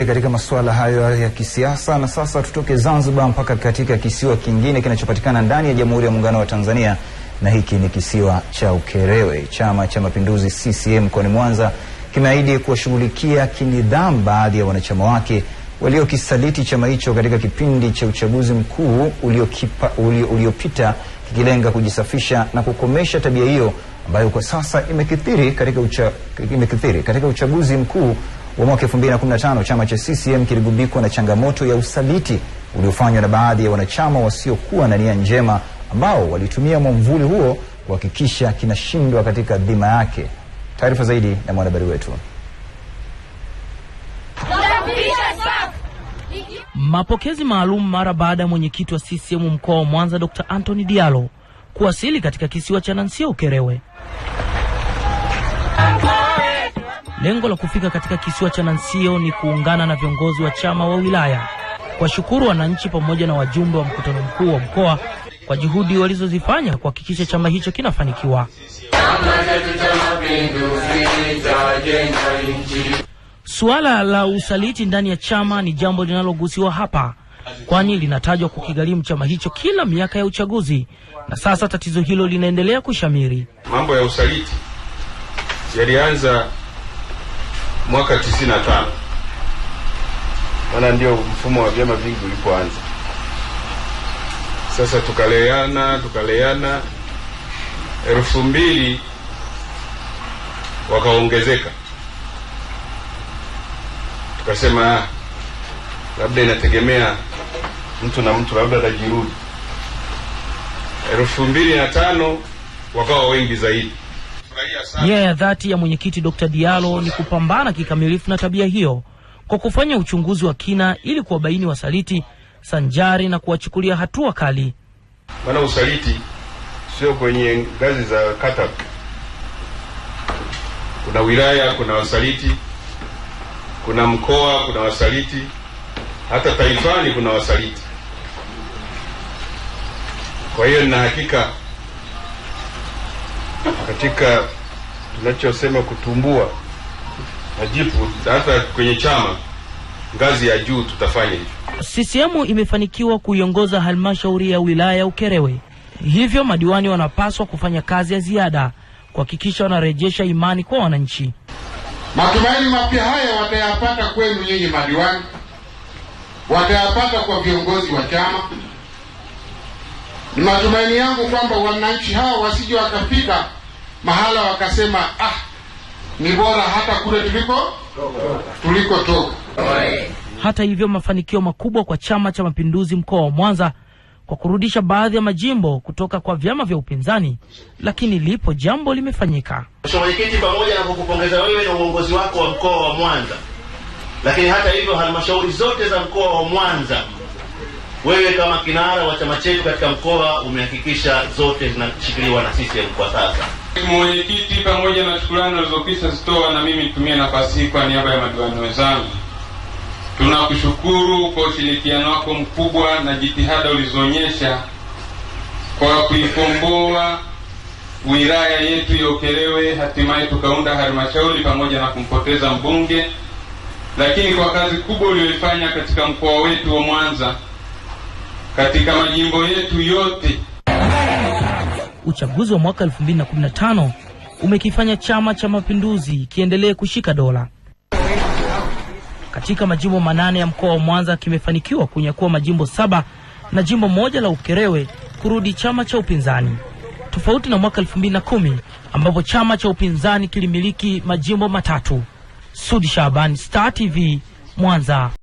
E, katika masuala hayo ya kisiasa. Na sasa tutoke Zanzibar mpaka katika kisiwa kingine kinachopatikana ndani ya Jamhuri ya Muungano wa Tanzania, na hiki ni kisiwa cha Ukerewe. Chama cha Mapinduzi CCM mkoani Mwanza kimeahidi kuwashughulikia kinidhamu baadhi ya wanachama wake waliokisaliti chama hicho katika kipindi cha uchaguzi mkuu uliopita ulio, kikilenga kujisafisha na kukomesha tabia hiyo ambayo kwa sasa imekithiri katika, ucha, imekithiri katika uchaguzi mkuu wa mwaka 2015 chama cha CCM kiligubikwa na changamoto ya usaliti uliofanywa na baadhi ya wanachama wasiokuwa na nia njema ambao walitumia mwamvuli huo kuhakikisha kinashindwa katika dhima yake. Taarifa zaidi na mwanahabari wetu. Mapokezi maalum mara baada ya mwenyekiti wa CCM mkoa wa Mwanza Dr. Anthony Diallo kuwasili katika kisiwa cha Nansia Ukerewe. Lengo la kufika katika kisiwa cha Nansio ni kuungana na viongozi wa chama wa wilaya, kuwashukuru wananchi pamoja na wajumbe wa mkutano mkuu wa mkoa kwa juhudi walizozifanya kuhakikisha chama hicho kinafanikiwa. Suala la usaliti ndani ya chama ni jambo linalogusiwa hapa, kwani linatajwa kukigharimu chama hicho kila miaka ya uchaguzi, na sasa tatizo hilo linaendelea kushamiri. Mambo ya usaliti yalianza mwaka 95 maana ndio mfumo wa vyama vingi ulipoanza. Sasa tukaleana tukaleana, elfu mbili wakaongezeka, tukasema ah, labda inategemea mtu na mtu, labda atajirudi. elfu mbili na tano wakawa wengi zaidi Nia yeah, ya dhati ya mwenyekiti Dr. Diallo ni kupambana kikamilifu na tabia hiyo kwa kufanya uchunguzi wa kina ili kuwabaini wasaliti sanjari na kuwachukulia hatua kali. Maana usaliti sio kwenye ngazi za kata, kuna wilaya, kuna wasaliti, kuna mkoa, kuna wasaliti, hata taifani kuna wasaliti. Kwa hiyo nina hakika katika tunachosema kutumbua majipu hata kwenye chama ngazi ya juu tutafanya hivyo. CCM imefanikiwa kuiongoza halmashauri ya wilaya ya Ukerewe, hivyo madiwani wanapaswa kufanya kazi ya ziada kuhakikisha wanarejesha imani kwa wananchi. Matumaini mapya haya watayapata kwenu nyinyi madiwani, watayapata kwa viongozi wa chama. Ni matumaini yangu kwamba wananchi hawa wasije wakafika mahala wakasema, ah, ni bora hata kule tuliko tulikotoka. Hata hivyo, mafanikio makubwa kwa Chama cha Mapinduzi mkoa wa Mwanza kwa kurudisha baadhi ya majimbo kutoka kwa vyama vya upinzani, lakini lipo jambo limefanyika. Mheshimiwa Mwenyekiti, pamoja na kukupongeza wewe na uongozi wako wa mkoa wa Mwanza, lakini hata hivyo halmashauri zote za mkoa wa Mwanza, wewe kama kinara wa chama chetu katika mkoa umehakikisha zote zinashikiliwa na sisi kwa sasa. Mwenyekiti, pamoja na shukrani ulizokwisha zitoa, na mimi nitumie nafasi hii kwa niaba ya madiwani wenzangu, tunakushukuru kwa ushirikiano wako mkubwa na jitihada ulizoonyesha kwa kuikomboa wilaya yetu ya Ukerewe, hatimaye tukaunda halmashauri pamoja na kumpoteza mbunge, lakini kwa kazi kubwa uliyoifanya katika mkoa wetu wa Mwanza, katika majimbo yetu yote uchaguzi wa mwaka 2015 umekifanya Chama cha Mapinduzi kiendelee kushika dola katika majimbo manane ya mkoa wa Mwanza. Kimefanikiwa kunyakua majimbo saba na jimbo moja la Ukerewe kurudi chama cha upinzani, tofauti na mwaka 2010 ambapo chama cha upinzani kilimiliki majimbo matatu. Sudi Shaabani, Star TV, Mwanza.